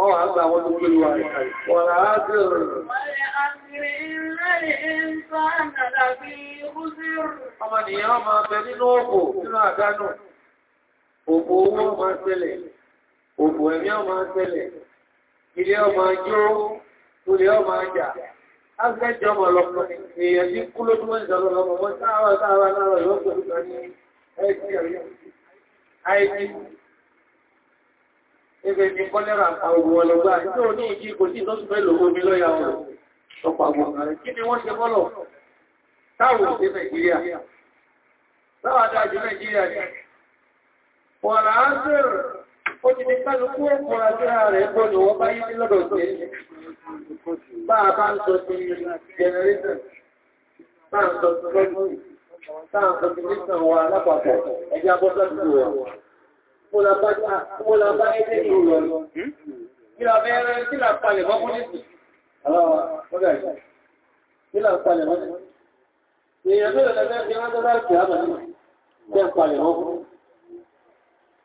Ọwọ́ àgbà wọn tó gbé wà wọ́n láàájú rẹ̀. Ọmọ nìyàn máa bẹ nínú òkò nínú àdánù. Òkò owó máa tẹ́lẹ̀, òkò ẹ̀mí máa tẹ́lẹ̀, ilé ọmọ ajó, olè ọmọ ajá. Ágbẹ́jọ ọmọ lọ́pọ̀ èèyàn tí kú ló túnmọ́ ìjọ lọ́pọ̀ mọ́ sáàrọ̀ sáàrọ̀ náà lọ́pọ̀ Ebe ni kọ́lẹ́rà àwọn ọlọ́gbà tí ó ní ìjí kò sí ìtọ́sùn pẹ̀lú omi lọ́yà wọn. Ọ̀pàá wọn. Kí ni wọ́n ṣe fọ́lọ̀? Táwọn òṣè Nàìjíríà. Táwọn adájú Nàìjíríà ni. Wọ̀rà á sẹ́rẹ̀ ó ti ní kálukú ẹ̀kọ́ àjúrà mo là bá ẹgbẹ́ ìrù lọ. Kí la bẹ́ẹ̀rẹ̀ kí la palẹ̀ mọ́ fún nìsì? Àwọn ọ̀gá ìṣẹ́. Kí la palẹ̀ mọ́ fún? Èèyàn mẹ́rẹ̀ lẹ́gbẹ́ fi rántọ́ láti àmà nínú. Kí la palẹ̀ mọ́ fún?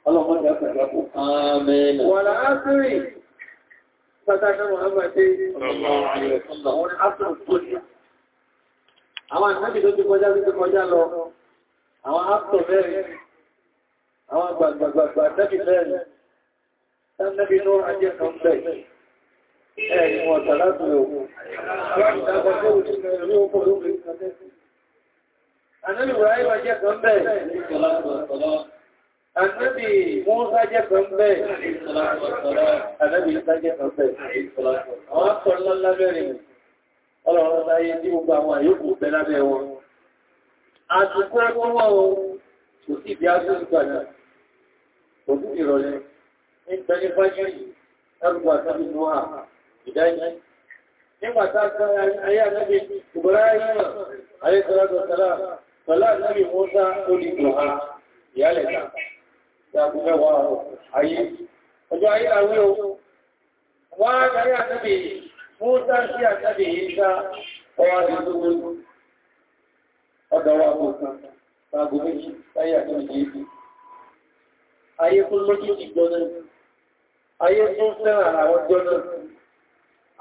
Ọlọ́mọdé àpẹẹrẹ kù. Àmín. Wà láásírì. Pàtàkì Muhammad ṣe. Àwọn àpẹẹrẹ Àwọn àpẹẹrẹ tó ti kọjá lọ. Àwọn àpẹẹrẹ àwọn àgbàgbàgbà tẹ́bí bẹ́ẹ̀rẹ̀ tẹ́bí ní ajé kan bẹ́ẹ̀ ẹ̀rì wọn tàlátù òkú Ànábì Ibrahim jẹ́ kan bẹ́ẹ̀. Ànábì Mùsá jẹ́ kan bẹ́ẹ̀. Ànábì Ìsá jẹ́ kan bẹ́ẹ̀. Àwọn akọ̀lọ́ lábẹ́rin ọlọ́rọ̀ láyé tí gbogbo àwọn àyókù bẹ́ lábẹ́ wọn. Àtùkú ẹgbọ́n wọ́n kò sí ibi á òkú ìrọ̀lẹ́ ìgbẹ̀ni fájírì ẹgbùgbà tàbí nùhà ìdájí nígbàtà ayé ànábì ìbúráyìmọ̀ ayétọ́lágbọ̀sára pẹ̀lá ànábì mọ́sá olùgbòhá ìyálẹ̀ta ìyàgbò mẹ́wàá ayé ọjọ́ ayé àwé o wá ayé ànábì mọ́sá sí ànábì ìṣá ọwá àdúgbò ọdọ̀wà àbòkan tàbí méjì ayé ànábì ayé fún méjìjì gbọ́nà ayé fún fẹ́ràn àwọn gbọ́nà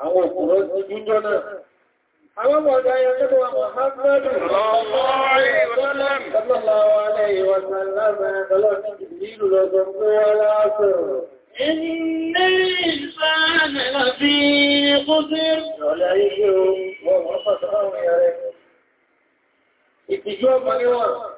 àwọn òkúrọ́ ti jíjọ náà àwọn ọ̀dọ̀ ayé tó wá ọmọ ni wọ́n.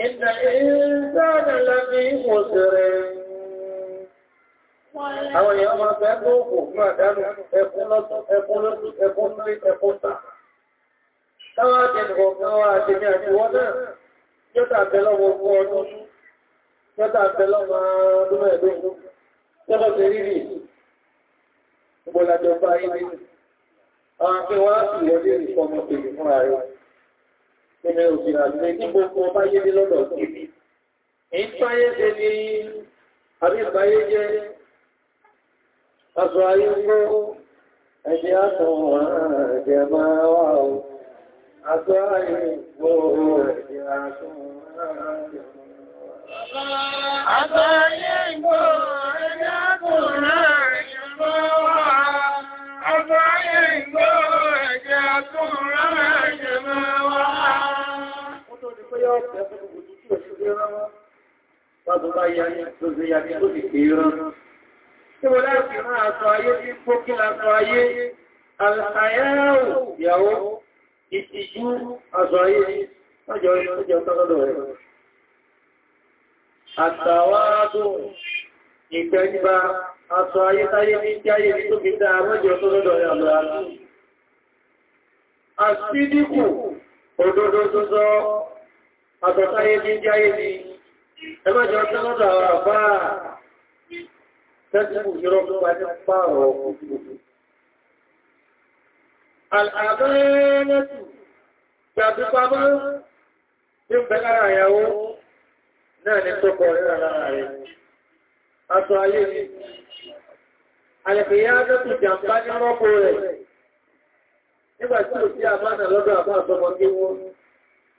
إن الإنسان لفي خسر Àwọn èèyàn máa fẹ́ tó kò fún àdánù ẹkún lọ́tún, ẹkún lọ́tún, ẹkún lórí, ẹkún tà. Táwọn àjẹ́nìkọ̀ kan wá àjẹ́mí àti wọ́n náà, jọ́ta àtẹ́lọ́wọ́ fún ọdún, jọ́ta àtẹ́lọ́wọ́ ọdún mẹ́ẹ̀dógún, jọ́ta ti rírì, gbọ́lájọ́ Ilẹ̀ òṣìlá lè ní gbogbo ọba yé ní lọ́dọ̀ kìí. Ìpáyé jẹ ní àbí ìpáyé jẹ aṣọ ayé mọ́ ẹ̀jẹ̀ àtọ̀wọ̀ ẹ̀jẹ̀ máa wà ó. Aṣọ ayé mọ́ ẹ̀jẹ̀ àtọ̀wọ̀ ẹ̀jẹ̀ máa wà ó. Aṣọ ayé mọ́ ẹ̀jẹ̀ àtọ̀wọ̀ ẹ̀jẹ̀ máa wà ó yọ́ ọ̀tẹ́ fún gbogbo tí ó ṣe rán wọ́n. Tọ́dún bá yá ní ọjọ́ yá ní ó sì pè rán. Tí mo láti rán aṣọ ayé tí kó kí aṣọ ayé, àyáwò ìyàwó, ìtìjú aṣọ ayé, ọjọ́ ìjọ tọ́lọ́dọ̀ rẹ̀. Àtàwádùn ìgbẹ́gbà aṣọ ayé táyé ní kí ayé ní tó fi dá àwọ́jọ tọ́lọ́dọ̀ rẹ̀ àlọ́ àti. Àṣídìkù, òdodo tó sọ àtọ̀táyé bí jáyé bí ẹgbẹ́jọ tẹ́lọ́dọ̀ àwọn àbáà tẹ́tìkù yọ́rọ̀ tó wà ní pààrọ̀ ọkùnkùn. Àbẹ́ẹ̀lẹ́tù gbàbípamọ́ tí ń bẹ lára ìyàwó náà ní tọ́kọ̀ rẹ̀ lára rẹ̀. Aṣọ ayé ni. Àlẹ̀kìyà tẹ́tù jàmbá ní rọ́pò rẹ̀. Nígbàtí ò sí àbánà lọ́dọ̀ àbá àtọmọ kí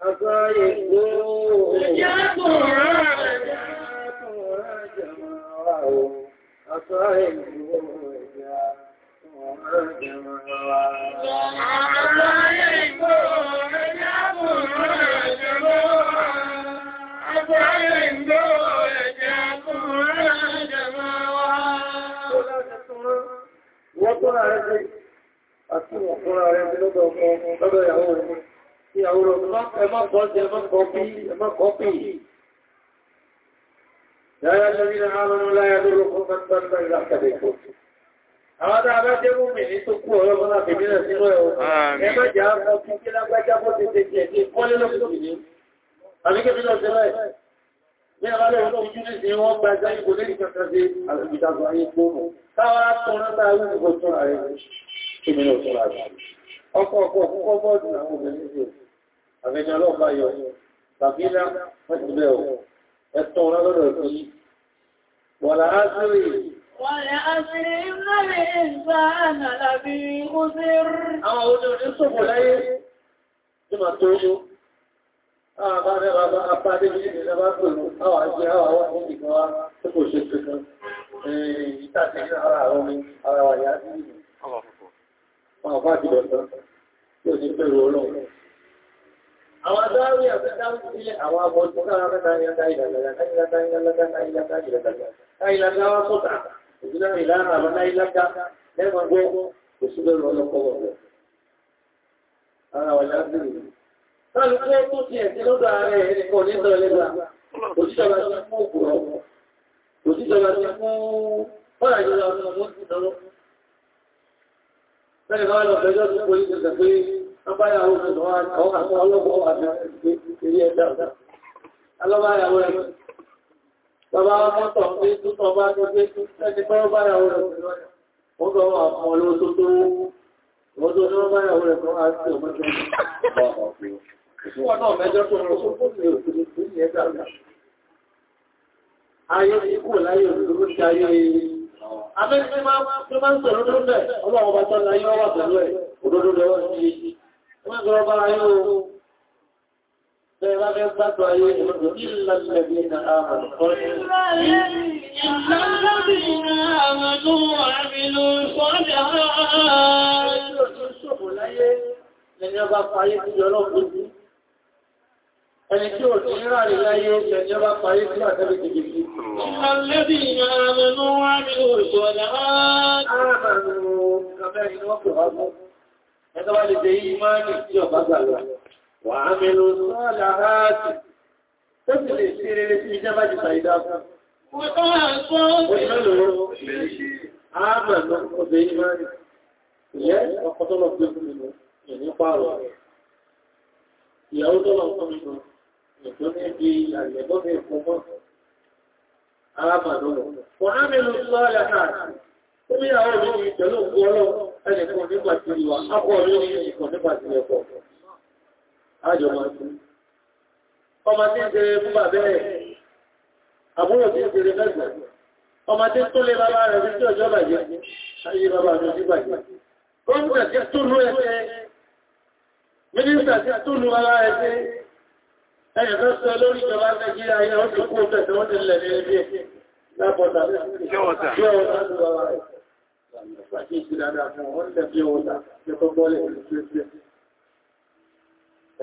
Wọ́n tó rà rẹ̀ sí àti wọ̀n fúnra rẹ̀ sí lọ́dọ̀ ọkọ̀ lọ́dọ̀ ìyàwó rẹ̀ ìyàwó ẹmọ́ bọ́ọ̀dì ẹmọ́ kọpí ẹmọ́ kọpí dára lórí náà lọ́nà láyé lórí ọkọ̀ mẹ́tàlá ìlàkàdé kò àwọn tàà bá jẹ́ rúmi ní tó kú ọ̀rọ̀ mọ́nà fèmínà sínú ẹ̀wọ̀ ẹgbẹ́jà ọkọ̀ kí lágbájá bọ́ ti ṣe jẹ́ ti kọ́lé lọ́pùtù Àníkébílọ̀ ṣẹlẹ̀ ní àwálẹ̀ ọ̀nà ojú ní ṣe wọ́n gba ẹja ìgbò lẹ́yìn kẹta sí àgbìdàgbà ayé gbóòmù. Táwà tọ́rọ táà wù ìgbò tọ́rọ rẹ̀. Kí mi lọ sọ́rọ̀ àjò. Ọkọ̀ ọkọ̀ ọkọ̀ bọ́ọ̀dù àwọn obìnrin sí àfẹ́ni ọlọ́pàá yọ tàbílá mẹ́sìlẹ̀ ọ̀ ẹ̀tọ́ ọlọ́dọ̀ sí wàlá ásírì wàlá ásírì ìrìnlẹ̀ ìgbàánà lábí kúsìr àwọn olóòdí sọ́pọ̀ láyé tí ma tó ṣó àbárẹ́ bàbá apáde bí i bá pẹ̀lú àwọn àjẹ́ àwọn àwọn ọmọ ìgbà wá tí kò ṣe tuntun ìtàtí ara àwọn ara wà yá sí ìlú àwọn àpá àti bọ̀tán tí ó ti pẹ̀lú ọlọ́run àwọn adáwí àtàdáwí sílẹ̀ àwọn abọ̀dún kára kẹta ìlàta ìlàta ìlàta ìlàta ìlàta ìlàta ìlàta wá sọ́tà òjìlá ìlànà àbáná ìlàta lẹ́gbọ̀n gbọ́ kò sí lórí ọlọ́pọ̀lọ́ rẹ̀ ara wà lábẹ́rẹ̀ Káàlùkẹ́ tó ti ẹ̀sẹ̀ lọ́dọ̀ ààrẹ ẹ̀ẹ́kọ́ ní ìdọ̀ ẹlẹ́gbà, òjíjọba ti mú òkúrọ̀ ọmọ, òjíjọba ti mú ọ́rà ìjọba ọmọ mú ìdọ̀lọ́. Bẹ́ẹ̀ bá lọ bẹjọ́ tó kò ní ìjọba pé Ọbáyàwó rẹ̀ lọ́wọ́ àwọn ọlọ́gbọ́ wà ní ilé ẹ̀dá ọ̀dá. Alọ́báyàwó rẹ̀ bàbá mọ́tọ̀ pé tó tọ́ bá tó pé ẹni pẹ́ ọbáyàwó rẹ̀ pẹ̀lú ọ̀dá. Ó gọ́ àwọn olóòtó tó wọ́n tó ní ọbáyàwó rẹ̀ pẹ̀lú àti ọmọdé. Wọ́n náà mẹ́jọ́ tó rọ̀ sókó ní òkú ní ẹ̀dá ọ̀dá. Ayé ikú láyé òdòdó ti ayé Abẹ́ni máa ń sọ̀rọ̀ lórí ẹ̀, ọlọ́run bá tọ́lá yọ́ wà pẹ̀lú ẹ̀, òdòdó lọ́wọ́ sí Wọ́n bá yóò bẹ̀rẹ̀ bá fẹ́ gbàgbọ́ ayé ìlú ìlàlẹ̀bí na àmàlù kọ́rin. Ìlàlẹ̀bí Ẹni tí ò tí ń rà rí láyé lẹ́ni ọba parí sí àtẹ́bẹ̀ jìgìdì. Ìlàlẹ̀bí na àmàlù àmìlú sọ́dẹ̀ ààrẹ ẹ̀tọ́ bá lè jẹ ìmáàlì tí ọba gbàgbà wà á mẹ́lú sọ́ọ̀lá Ìyàwó tó lọ fún mi lọ, ètò ní bí àgbẹ̀gbọ́n mi fún mọ́, arábà lọ́wọ́. Wọ́n á mẹ́lú sọ́ọ̀lá áàtì Omi àwọn ìlú ìjọlọ́ òkú ọlọ́run ẹnìkan nígbà tí ìwà ápọ̀ lórí ìkan nígbà tí ẹ̀kọ́. Àjọ máa tún. Ọmọ tí ń tẹrẹ fún bàbẹ́ ẹ̀, àbúrò tí ń tẹrẹ mẹ́gbẹ̀. Ọmọ tí ń tó lé bàbá rẹ̀ sí ọjọ́ bàjẹ́, ayé bàbá mi sí bàjẹ́. Gómìnà tí tó lú ẹsẹ̀, mínísítà tí tó lú bàbá rẹ̀ sí ẹ̀yẹ̀ fẹ́ sọ lórí ìjọba Nàìjíríà yẹn ó ti kú Fàkí sí dáadáa fún wọn lè fi ọwọ́ tàbí ọkọ̀ bọ́ọ̀lẹ̀ ìrìnlẹ̀.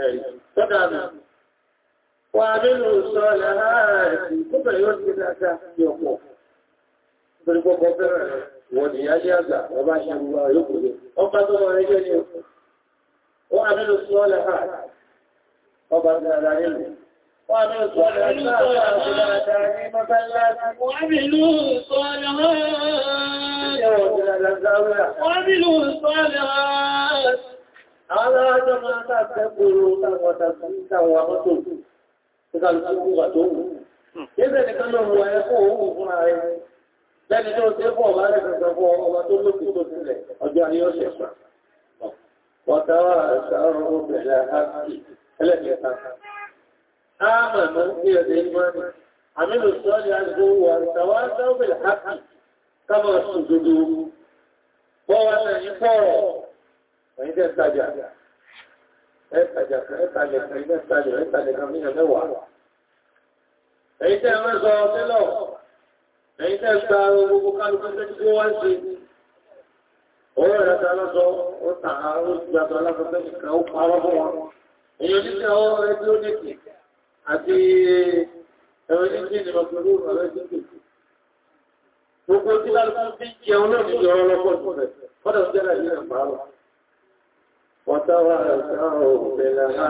Ẹ̀rì, tọ́dá náà, wà nínú sọ́ọ̀lẹ̀ ààrẹ̀ kó bẹ̀rẹ̀ yóò ti dáadáa sí ọkọ̀. Bẹ̀rẹ̀ gbogbo bẹ̀rẹ̀ rẹ̀, wọ́n ni yá jẹ́ àgbà, wọ́n وعملوا الصالحات على جماعة تقولوا وتسليسا ومسوا تقال سوء وتوه Ibẹ̀ nìkan ló wọ ẹkọ́ òun fúnra rẹ̀. Lẹ́ni tó ṣe fún ọba rẹ̀ kẹta fún ọba tó lókè tó sílẹ̀, ọjọ́ ayé ọ̀ṣẹ̀ pa. Wọ̀tàwà ṣàrọ̀ obìnrin Bọ́wọ́ náà yí pọ̀rọ̀, ẹ̀yìn tẹ́ tajà, ẹ́tajà kan, ẹ́talẹ̀ kan, ẹ́talẹ̀ ẹ́talẹ̀ kan míyàn mẹ́wàá. Ẹ̀yìn tẹ́ mẹ́ sọ tẹ́lọ̀, ẹ̀yìn tẹ́ gba gbogbo kálukú tẹ́ tí wọ́n ṣe. Ọwọ́ ìrẹta lọ́sọ, ó tàà ó gbàtọ̀ aláfẹ́fẹ́ nìkan ó parọ́ fún wọn. Èyí oníṣẹ́ ọwọ́ rẹ̀ tí ó àti ẹ̀rọ Gbogbo tí lálùkù fi jẹun náà ní ọ̀rọ̀ lọ́pọ̀ tó rẹ̀, kọ́dà sí ẹ̀rà ìlú ìpààrọ̀. Wọ́tàwà ẹ̀sán òbẹ̀ lára,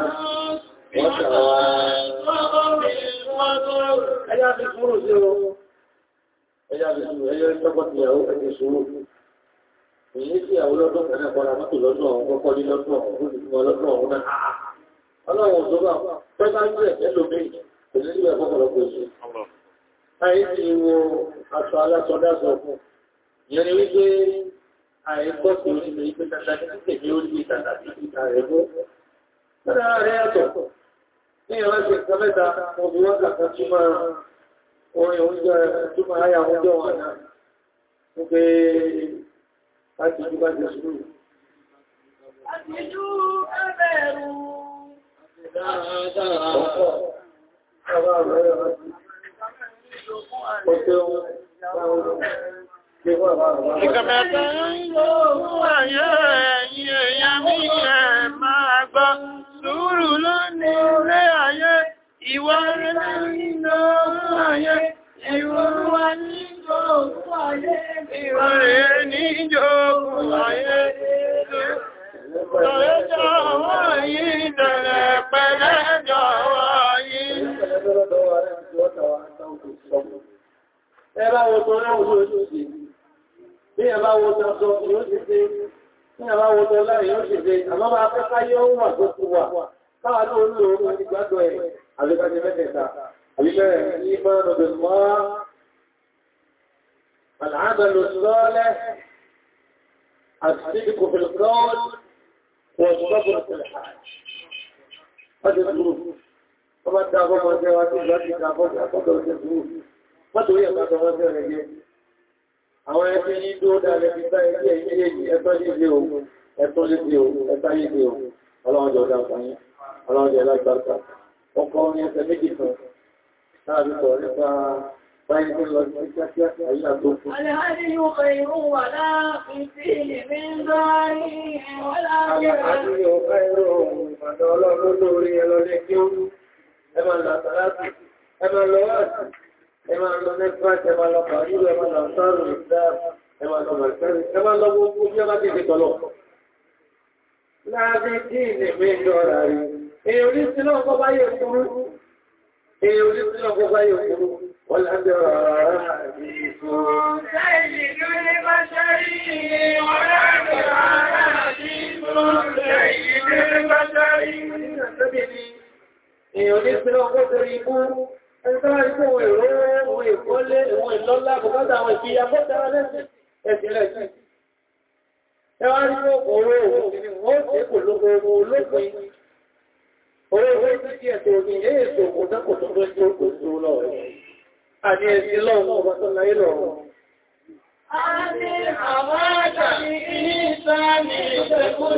wọ́tàwà ẹ̀yà fi kúrò sí o. Ẹ̀yà fi kúrò, ẹ̀yà ìtọ́gbọ́tìyàwó ẹ̀dẹ̀ ṣòro. Èyí sí àwọn ọlọ́dún kan náà kọ́ra mọ́tò lọ́dún ọ̀hún kọ́kọ́ ní lọ́dún ọ̀hún náà. Ọlọ́run òṣòro àwọn pẹ́ta ń gbẹ̀ ẹlòmí, òṣèlú ẹ̀kọ́kọ̀lọ́pọ̀ èṣù. Àyíkì wo aṣọ alásọdásọ fún ìyẹn ni wípé àìkọ́ sí orílẹ̀ ìpé tàbí tèmi ó lè tàbí àìkọ́ lọ́dá rẹ̀ yàtọ̀ ní ìwọ́n ṣe nǹkan mẹ́ta mo bí wọ́n kàkà túmọ̀ orin oúnjẹ túmọ̀ ayà oúnjẹ wọn náà wípé láti jú bá ti sùúrù Àtìjú ẹbẹ̀rù. Dáadáa. Ọ̀pọ̀. Ọ̀pọ̀. Ọ̀pọ̀. Ìkàbẹ̀bẹ̀ lóòrùn ayé ẹ̀yìn èèyàn mi ẹ̀ máa gbọ́, sùúrù ló ní ilé ayé, ìwà rẹ̀ ní lóòrùn ayé, ìwọ̀n wà ní lóòrùn ayé, ìwà rẹ̀ ní ìjọ̀gùn ayé. Tọ̀lẹ́jọ́ wáyé ìdẹ̀rẹ̀ pẹ̀lẹ́jọ́ wáyé ẹ bá wo tán láwọn ojú ojú sí bí ẹ bá wo tán sọ yóò ti ṣe bí ẹ bá wo tán láàrin yóò ti ṣe àmọ́ bá afẹ́fá yóò wà tó ti wà káwà náà ń lò ó ti gbádùn ẹ̀ àbíkájẹ mẹ́tẹ̀ẹ̀ta àbíbẹ̀rẹ̀ ní máa nọ̀dọ̀ mọ́ العمل الصالح الصدق في القول والصبر في الحال هذا الظروف ọmọ tí a bọ́ mọ́ jẹ́ wá tí ìgbà tí ìgbà bọ́ jẹ́ àkọ́kọ́ jẹ́ ìgbà wọ́n torí ẹ̀bá tọwọ́ sí ọ̀rẹ́ jẹ́ àwọn ẹgbẹ́ yìí tó dáadẹ́ fi bá ẹgbẹ́ ẹgbẹ́ yìí ẹ̀tọ́ lè dé o ẹ̀tọ́ lè dé o ẹ̀tọ́ lè dé o ọlọ́ọ̀dẹ̀ ọ̀dà ọ̀pọ̀yìn ọlọ́ọ̀dẹ̀ alágbàtà ọkọ̀ ní ẹsẹ̀ méjì kan láàbí kọ̀ nípa báyìí tó lọ sí kíákíá àyíká tó kú. Àlẹ́hàdí yóò kọ irú wà mẹ́fàtí ẹmà lọ pàdúrú ẹmà lọ sọ́rọ̀ ìdá ẹmà lọ mẹ́fàtí ẹmà lọ gbogbo bí ọba ti fi tọ́lọ̀. Èyàn ní sí náà kọ́ Ẹgbẹ́ ikú ìró ohun ìkọ́lé ìwọ̀n ìlọ́lá bùkátà àwọn ìfìyà bọ́tara lẹ́sẹ̀ ẹ̀sìnlẹ̀ sí. Ẹwà rí ọkùnrin òun ti ní wọ́n tí kò lóko ohun olópin. Orí ìwé tí kí ẹ̀tọ́ omi yé èso kò dákò tó tó jó kò tó lọ. Àní ẹ̀sìn lọ́wọ́ ọba tó láyé lọ́wọ́. A ní àwọn àjàmì ìsáàmì ìṣẹ́kùn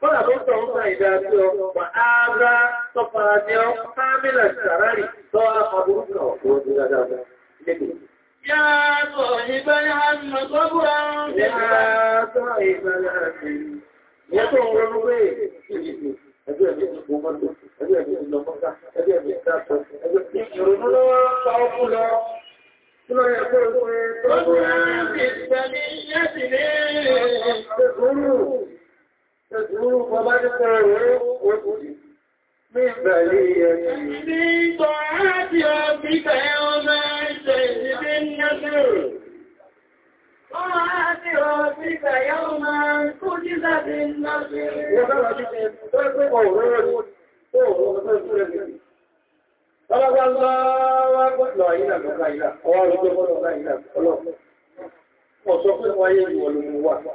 Bọ́nà tó tọ̀ ń fa ìdájọ́ wà áàrá tó fara ní ọ, Fámílà Sàrárì tó àbúrú náà tó ń dúró Ọlọ́pàá ń bá wá gbọ́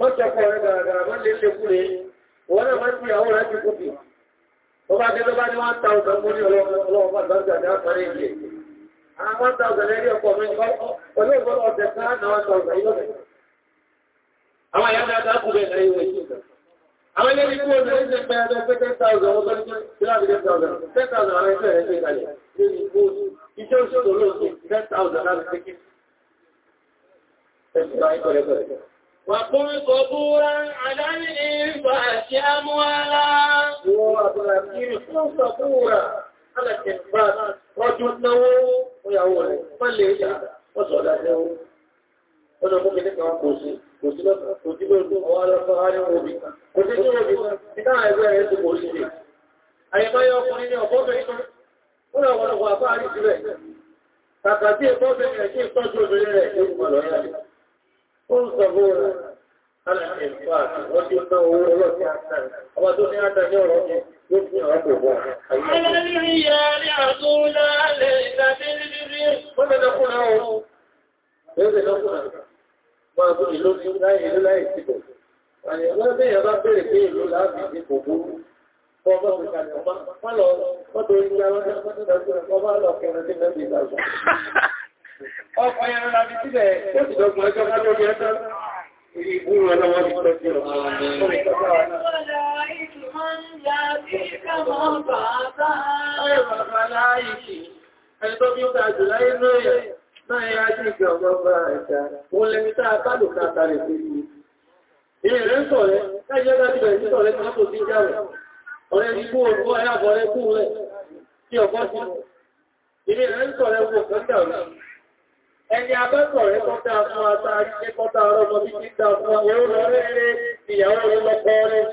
wọ́n tẹ́kọ̀ rẹ̀ dáradára wọ́n lè lè kúrẹ̀ wọ́n náà máa ti àwọn láti kú bí ó bá gẹ́gẹ́ bá ní 1000 mú ní ọlọ́ọ̀pá ìgbàgbà ní àpàrẹ ìlẹ̀ àwọn 1000 lẹ́rí ọkọ̀ mi pẹ̀lú ìgbọ́n ọ̀tẹ̀ sáà náà 1000 yóò bẹ̀rẹ̀ àwọn ìyá dáadáa kú bẹ̀rẹ̀ ìwé ìṣẹ́ àwọn ilé ní kú ó lè ṣe pẹ́ ẹgbẹ́ pé 10,000 ọgbẹ́ ní 10,000 10,000 àwọn ẹgbẹ́ rẹ̀ ṣe ìgbàlẹ̀ lórí ìgbó ìjọ́ ìṣòro lóòsùn 10,000 láti ṣe kí ẹ̀sùn láìpẹ́ ẹgbẹ́ rẹ̀ وقل قبورا على الإنفاس أموالا وقل قبورا على الإنفاس رجل له ويعول فليجع وصلاته Ọjọ́ fún kìí kan kò sí, kò sí lọ́pàá, kò sí lọ́pàá, ọwọ́ alọ́pàá arí omi, kò sí ní omi, ìdá ẹgbẹ́ rẹ̀ tó kò sí lè. Àyẹ̀báyé ọkùnrin ní ọ̀pọ̀bẹ̀ inú, ó lọ́wọ́lọ́wọ́ àpá àrí sílẹ̀. Tàkàtí ẹ̀kọ́ انظروا على الإنفاق وجدنا ورسنا وجدنا تجربة على الرجال عدونا ليس بالبر ومدخناه ومدخناه ما أقول إلو لا إلو لا يستيقظ يعني لا بيه ما بيه بيه إلو لا بيه بيه Ọba òkúta ni ọba, wọ́n lọ, wọ́n tó ń gbá wọ́n tó ń gbá wọ́n tó ń gbá wọ́n lọ kẹrin tí mẹ́bí ìgbà ọ̀sán. Ọkọ̀ yẹn rọra bí síbẹ̀, ó ti dọ́gbọ̀n ẹjọ́ ká lórí ẹjọ́. Ìgbúrú ọlọ́wọ́ ti tọ́jú rọ̀. Ẹni tó bí ó ga jù láyé lóyè, náà yá jí ìgbà ọmọ bá ẹ̀dà, òun lẹ́ni tá a bá lò ká tàrẹ̀ sí ìlú. Ilé rẹ̀ ń sọ̀rẹ́, láyé ẹgbẹ́ ti bẹ̀rẹ̀ sí sọ̀rẹ́ kan tó sí ìjà rẹ̀. Ọ̀rẹ́ ẹni abẹ́kọ̀ rẹ̀ kọ́ta fún àtàrí ní kọ́ta ọ̀rọ̀ ọmọ bí kí dá fún ẹ̀rọ rẹ̀ rẹ̀ ìyàwó rẹ̀ lọ́kọ́ rẹ̀.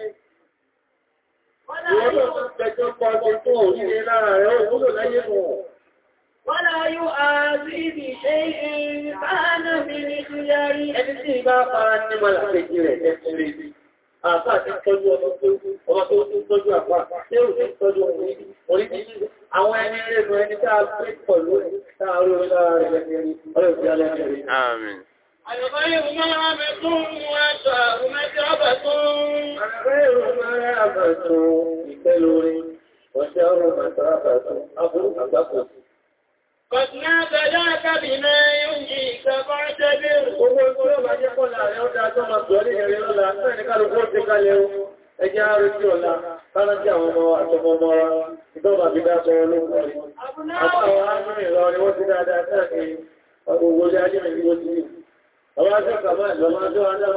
Wọ́lá yóò àbíbì ṣe ìrìn bá náà mi ní ṣúyárí. Ẹni tí ìbá rẹ̀ àbá àti tọ́jú ọmọ tó ọmọ tó tó tọ́jú àpá tí ó sì tọ́jú orí àwọn ẹni rẹ̀ lọ ẹni tá a pẹ́ pọ̀ lórí tá a rọ̀ lára rẹ̀ ọlọ́pẹ́ alẹ́ rẹ̀. Àmín. الغير مرابط وأشعر مشعبة الغير مرابط بكلور وشعر مسعبة أبو أبقص قد ما بلاك بما ينجيك فاعتبر owó ikú ló bá jẹ́ kọ́ láàrin ó dáa tó máa sọ ní ẹ̀rẹ́ ọ̀la mẹ́rin kálùkú ó ti kalẹ̀ o ẹjẹ́ ààrẹ tí ọ̀la tánà tí àwọn ọmọ àtọmọ ọmọ ara ìdọ́bà bí dáa sọ olóòkú rí àtàwọn arábìnrin lọ ni wọ́n ti dáadáa káàkiri ọgbogbo ilé ajé mi bí wọ́n ti rí àwọn ajọ́ kàmáà lọ́mọ ajọ́ adá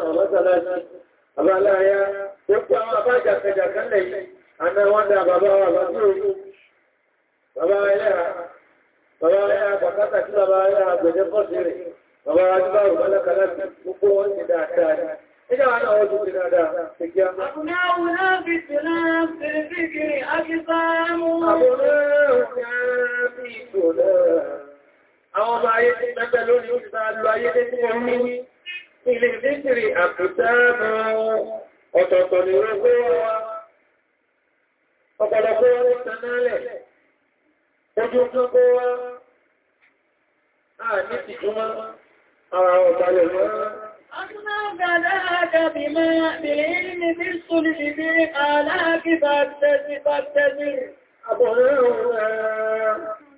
بلاك بما بعلم بالصلح بالآلاك فابتزر فابتزر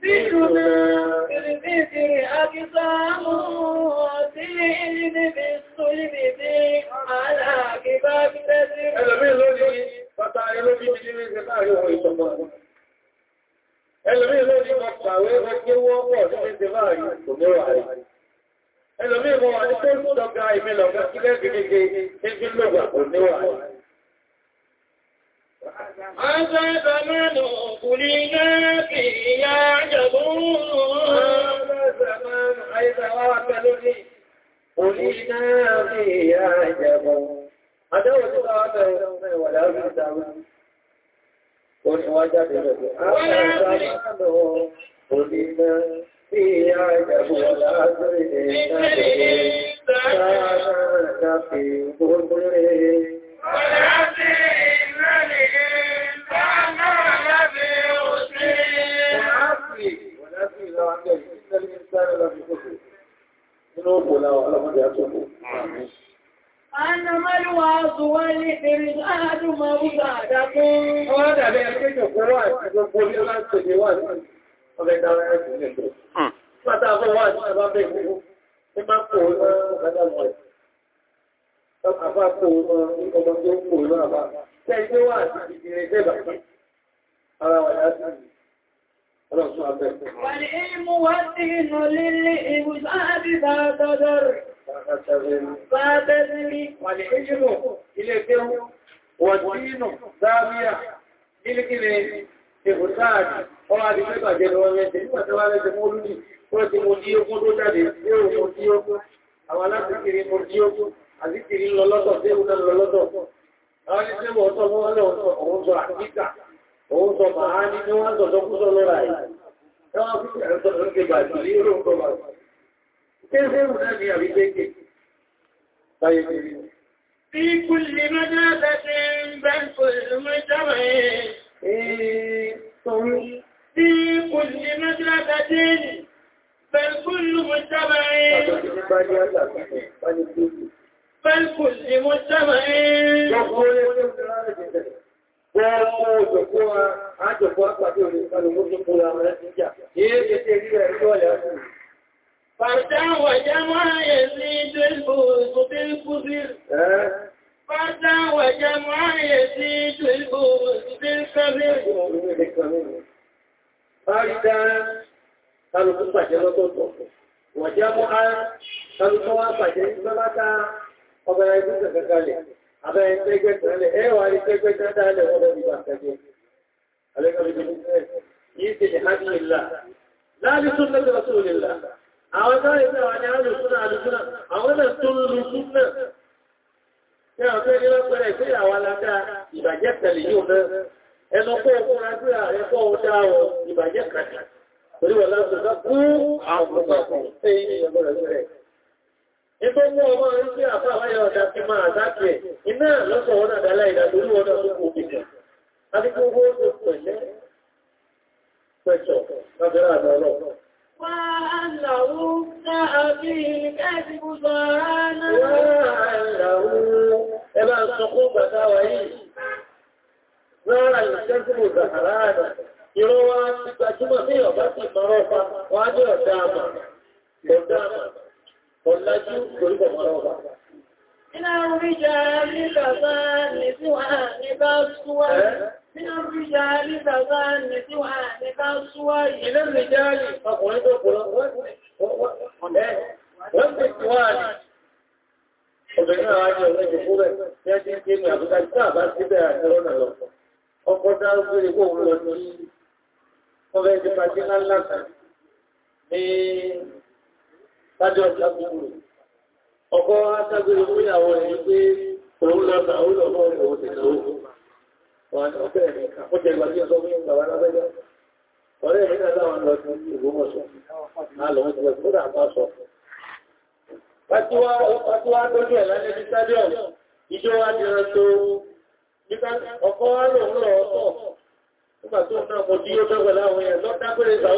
بينا بالفكر أقسام سين بالصلح بالآلاك فابتزر Ẹlùmí ló ní ọkọ̀ àwẹ́ ẹgbẹ́ wọ́pọ̀ ní ìdíbà yìí kò mẹ́wàá rẹ̀ ẹlòmí ìwọ̀n wà ní tó ń tọ́gá ìmì lọ́gbà kí lẹ́gbì gẹ́gẹ́ ẹjú lọ́gbà kò níwà. Ọjọ́ ìbámánù kùrí náà kì í yá jẹ̀bú. Ọjọ́ ìbámánù àìsàwà pẹ̀lú ní kùrí náà kì í yá jẹ̀bú. Adéwò tó bá wá bẹ̀rẹ̀ ọ̀rẹ́ wà láàrín ìdáwó. Ó ní wá jáde rẹ̀. Àwọn ìbámánù kùrí náà فيها جبل العذر كان في قدره أنا ملواز والإرجاد موزادة. هذا بيكتب قرآن، يقول لنا السجوات ọbẹ̀ dáwọn ẹ̀rẹ́kùn ní ìgbò. Pátá fún wà ní ẹ̀bá bẹ̀ ìgbò, ní máa pò ó lọ́rọ̀ ọ̀gádà mọ̀ ẹ̀. Àfá pò ó lọ ní ọmọ tó pò ó lọ́rọ̀ àbá. Tẹ́ ilé wà àti ìdíre tẹ́ bàbá. Ara wà láti ọlọ́sùn abẹ́. Wà ní ìmú wá sí inú lílé ìwùsọ́ àbí bá tọ́jọ́ rẹ̀. Bá tẹ́sí rí wà ní ìjìnà ilé kéwù, wà sí inú, dáàbíà, nílé kílé ṣèkò sáàdì ọwọ́ àdìgbẹ́ bàjẹ́ lọ́wọ́ mẹ́sẹ̀ nígbà tó wá lẹ́sẹ̀ mọ́ lórí wọ́n ti mo dí ogún tó jáde sí òun mo dí ogún àwọn aláṣìkiri mo dí ogún àzíkiri ń lọ lọ́tọ̀ sí òun náà lọ lọ́tọ̀ àwọn ní sẹ́wọ̀ ọ̀tọ̀ wọn lọ òun sọ àkíkà òun sọ màá ní ní wọ́n sọ̀tọ̀ kú sọ lọ́ra yìí ẹwọ́n fún ẹ̀rọ sọ̀tọ̀ في كل مدرسة بل كل مجتمع بل كل مجتمع sí jà. Yéé tètè rí فتى وجمع يزيد البوس بالكبير فتى kálukú pàjẹ́ lọ́tọ̀ọ̀tọ̀ wọ̀jẹ́ mọ́ á kálukú wá pàjẹ́ lọ́láta ọbẹ̀rẹ̀ ẹgbẹ́ kẹkẹrẹ abẹ́rẹ̀ ẹgbẹ́ kẹrẹ ẹwà ẹgbẹ́ kẹrẹ ọdọ̀ ìgbà kẹjẹ yìí ti lè hajji ìlà láàrín súnlẹ̀ tó lọ́sùn lè lá àwọn táwọn ìgbà wà ní àlùsúnà àlùsúnà àwọn náà tó lùsúnà ìpínlẹ̀ wa lága ìbàjẹ́ tẹ̀lé yóò fẹ́ ẹnu kó okun rájúra rẹ kọ́ ó dá ọ ìbàjẹ́ kàkà torí wọ́n láti sọ kú àwọn ọmọ ọkùnrin tẹ́ ìyẹ̀mọ́ rẹ̀ rẹ̀ Ibó mú ọmọ orí sí àfá àwáyọ̀ ọ̀dá ti máa àzáàkì ẹ̀, iná lọ́sọ̀ wọ́n àdálá ìdàdórí wọ́n ẹbá sọkún gbàtà wà yìí rárá ìṣẹ́gbùn ìgbàhàrá rẹ̀ ìrọ́ wá ti gbajúmọ̀ sí ọ̀bá ti mọ́rọ́ pa wá ní ọ̀dá àmà ọ̀lájú torí bọ̀mọ́rọ́ pa Iná oríjà ní bàbá ní tí wà ní bá súwá. Iná ní bàbá ní tí wà ní bá súwá. Iná oríjà ní ọkùnrin tó kùrọ̀ wọ́n obìnrin náà wáyé ọ̀rẹ́ ìjòkó rẹ̀ tí a ti ń gbé mi àbúdá tí àbá sí bẹ̀rẹ̀ àti ọ̀nà lọ. ọkọ̀ dáhùn sí ìwò òun lọ sí ọ̀rẹ́ ti pàdé ńláńlá kan ní sájọ́ ìṣàkóso. ọkọ̀ aṣágbére fún ìyàwó rẹ̀ pé òun lọ sà ó lọ bọ́ òun sọ fún Ọkọ̀ wá lójú ẹ̀ lálẹ́ ní stadium, ìjọ wá di ẹran tó ọkọ̀ wá lòun lọ ọkọ̀. Nígbà tó náà mo dí ó tọ́gbẹ̀ láwọn ẹ̀ ó